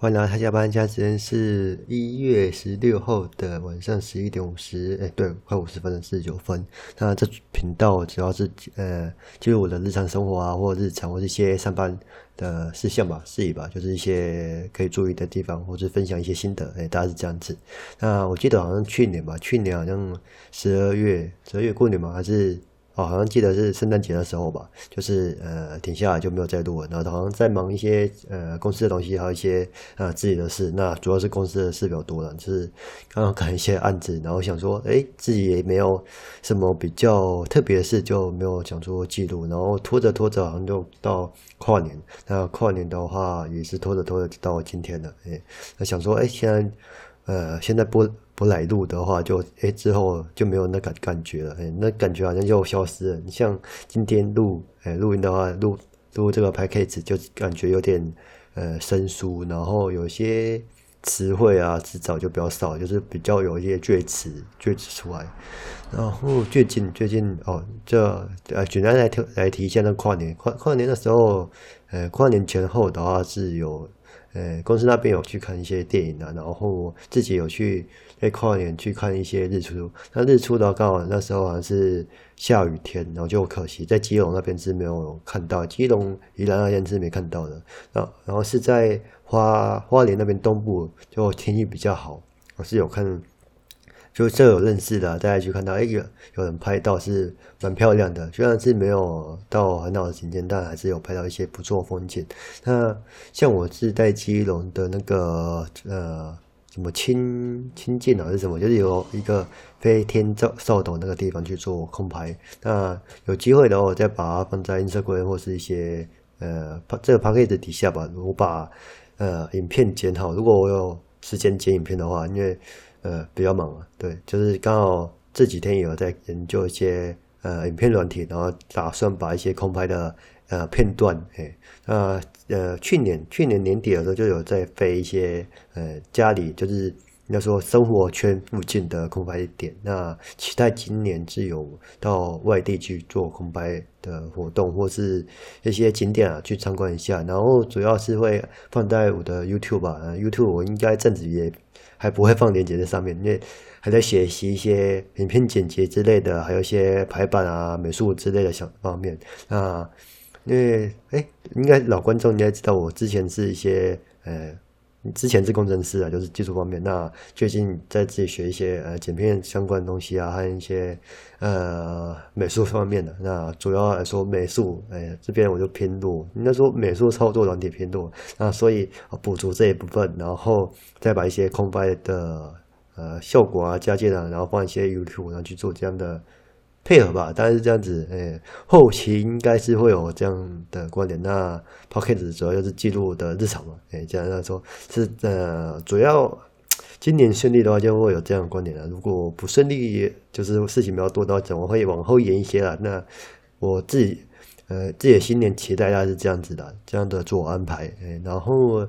歡迎來到他加班。今天時間是一月十六號的晚上十一點五十。哎，對，快五十分了，四十九分。那這頻道主要是呃，記錄我的日常生活啊，或者日常或者一些上班的事項吧，事宜吧，就是一些可以注意的地方，或者是分享一些心得。哎，大概是這樣子。那我記得好像去年吧，去年好像十二月，十二月過年嘛，還是。哦、好像記得是聖誕節的時候吧，就是呃停下來就沒有再錄了。然後好像在忙一些呃公司的東西，還有一些啊、呃、自己的事。那主要是公司的事比較多了，就是剛剛看一些案子，然後想說，誒自己也沒有什麼比較特別的事，就沒有想說記錄。然後拖着拖着，好像就到跨年。那跨年的話，也是拖着拖着到今天了。誒，那想說，誒現在。呃，現在不不來錄的話就，就哎之後就沒有那個感覺了，哎，那感覺好像又消失了。你像今天錄哎錄音的話，錄錄這個 podcast 就感覺有點呃生疏，然後有些詞彙啊、辭藻就比較少，就是比較有一些贅詞、贅詞出來。然後最近最近哦，這呃，簡、啊、單來提來提一下那跨年跨跨年的時候，呃，跨年前後的話是有。呃、欸，公司那邊有去看一些電影啊，然後自己有去在跨年去看一些日出。那日出的話，剛好那時候好像是下雨天，然後就可惜在基隆那邊是沒有看到，基隆宜蘭那邊是沒看到的。然後是在花花蓮那邊東部，就天氣比較好，我是有看。就這有認識的，大家就看到，哎，有有人拍到是蠻漂亮的，雖然是沒有到很好的景點，但還是有拍到一些不錯風景。那像我是在基隆的那個呃，什麼清清劍啊，是什麼？就是有一個飛天照掃斗那個地方去做空拍。那有機會的話，我再把它放在 Instagram 或是一些呃，這個 package 底下吧。我把呃影片剪好，如果我有時間剪影片的話，因為。呃，比較忙啊，對，就是剛好這幾天也有在研究一些呃影片軟體，然後打算把一些空拍的呃片段，誒那呃，呃去年去年年底的時候就有在飛一些呃家裡就是那時候生活圈附近的空拍點，那期待今年自由到外地去做空拍的活動，或是一些景點啊去參觀一下，然後主要是會放在我的 YouTube 吧、啊呃，YouTube 我應該陣子也。還不會放鏈接在上面，因為還在學習一些影片剪輯之類的，還有一些排版啊、美術之類的小方面啊。那因為哎，應該老觀眾應該知道，我之前是一些呃。之前是工程師啊，就是技術方面。那最近在自己學一些呃剪片相關的東西啊，還有一些呃美術方面的，啊。那主要來說美術，哎、欸，這邊我就偏弱。應該說美術操作軟體偏弱，那所以補足這一部分，然後再把一些空白的呃效果啊加進來，啊，然後放一些 YouTube，然後去做這樣的。配合吧，但是這樣子。哎、欸，後期應該是會有這樣的觀點。那 pocket 主要就是記錄的日常嘛。哎、欸，這樣來說是呃，主要今年順利的話就會有這樣的觀點了。如果不順利，就是事情比較多的話，怎麼會往後延一些了？那我自己呃，自己的新年期待也是這樣子的，這樣的自我安排。哎、欸，然後。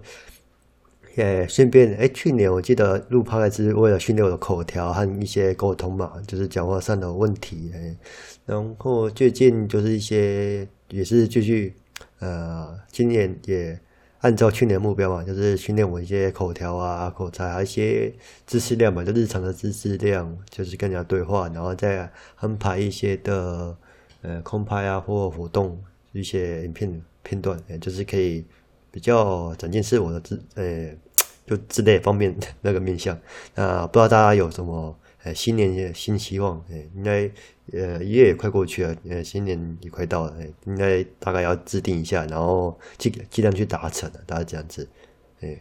誒，順、欸、便，誒、欸，去年我記得錄拍還是，為了訓練我的口條和一些溝通嘛，就是講話上的問題。誒、欸，然後最近就是一些，也是繼續，呃，今年也按照去年目標嘛，就是訓練我一些口條啊，啊、口才，啊，一些知識量嘛，就日常的知識量，就是跟人家對話，然後再安排一些的，呃，空拍啊或活動一些影片片段，誒、欸，就是可以比較增進是我的知，誒、欸。就之類方面那個面向，那不知道大家有什麼呃、哎、新年新希望誒、哎？應該呃一月也快過去了，呃新年也快到了誒、哎，應該大概要制定一下，然後盡盡量去達成大家這樣子誒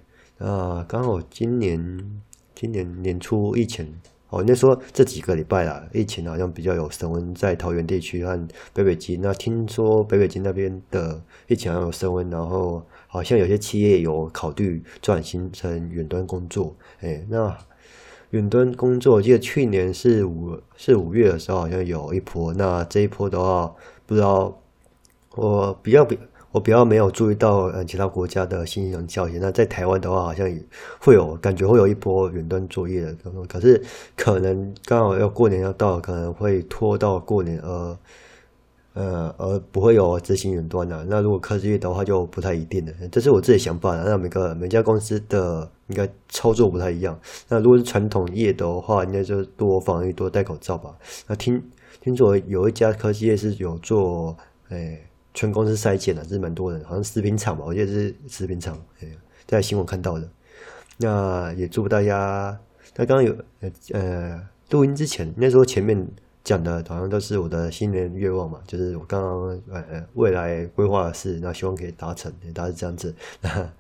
啊，剛、哎、好今年今年年初疫情。哦，那說這幾個禮拜啦，疫情好像比較有升溫，在桃園地區和北北基，那聽說北北基那邊的疫情好像有升溫，然後好像有些企業有考慮轉型成遠端工作。誒、哎，那遠端工作，我記得去年是五是五月的時候，好像有一波。那這一波的話，不知道我比較比。我比較沒有注意到，嗯，其他國家的新型教育。那在台灣的話，好像也會有感覺會有一波遠端作業的，可是可能剛好要過年要到，可能會拖到過年而，呃、嗯、呃，而不會有執行遠端的、啊。那如果科技業的話，就不太一定了。這是我自己想法，那每個每家公司的應該操作不太一樣。那如果是傳統業的話，應該就多防疫、多戴口罩吧。那聽聽說有一家科技業是有做，誒、欸。全公司篩檢了，是蠻多人，好像食品廠吧，我記得是食品廠，對，在新聞看到的。那也祝大家。他剛剛有呃錄音之前，那時候前面講的，好像都是我的新年願望嘛，就是我剛剛呃未來規劃的事，那希望可以達成，大概是這樣子。那，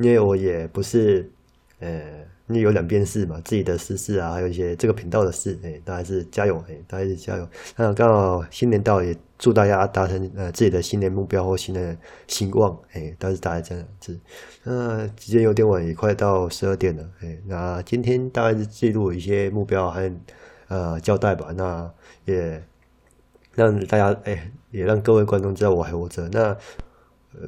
因為我也不是。呃，你，哎、有兩件事嘛，自己的私事，事啊，還有一些這個頻道的事，哎，大家是加油，哎，大家是加油。那剛好新年到，也祝大家達成呃自己的新年目標或新的希望，哎，但是大家這樣子。那時間有點晚，也快到十二點了，哎，那今天大概是記錄一些目標和，還呃交代吧。那也讓大家哎，也讓各位觀眾知道我還活着。那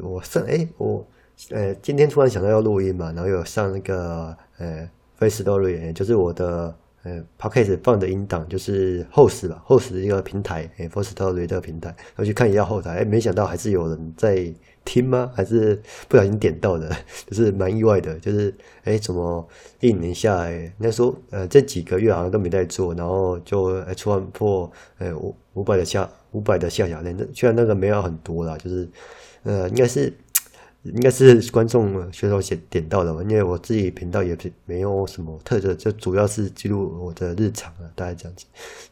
我算，哎，我。呃，今天突然想到要錄音嘛，然後有上那個呃，Firstory，就是我的呃 Podcast 放的音檔，就是 Host 吧，吧，Host 一個平台，哎 Firstory 這個平台，然後去看一下後台，哎，沒想到還是有人在聽嗎？還是不小心點到的，就是蠻意外的。就是哎，怎麼印一年下來，那時候呃，這幾個月好像都沒在做，然後就突然破呃五五百的下五百的下載量，那雖然那個沒有很多啦，就是呃，應該是。應該是觀眾隨手寫點到的吧，因為我自己頻道也沒有什麼特色，就主要是記錄我的日常、啊、大概這樣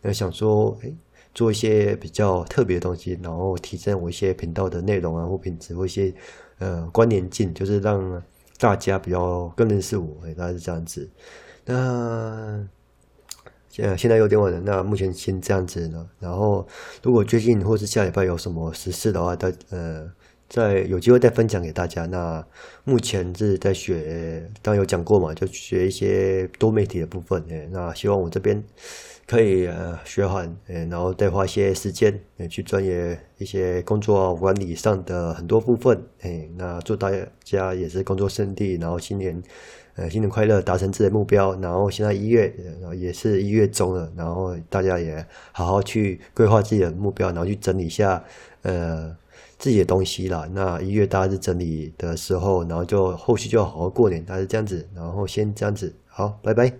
子。想說，誒、哎、做一些比較特別的東西，然後提升我一些頻道的內容啊或品質或一些呃關聯性，就是讓大家比較更認識我，哎、大概是這樣子。那現在有點晚了，那目前先這樣子了。然後如果最近或是下禮拜有什麼時事的話，大呃。在有機會再分享給大家。那目前是在學，剛、剛有講過嘛，就學一些多媒體的部分。那希望我這邊可以呃學完，然後再花些時間去鑽研一些工作管理上的很多部分。那祝大家也是工作順利，然後新年呃新年快樂，達成自己的目標。然後現在一月，也是一月中了，然後大家也好好去規劃自己的目標，然後去整理一下呃。自己的東西啦。那一月大家是整理的時候，然後就後續就好好過年，大家這樣子，然後先這樣子，好，拜拜。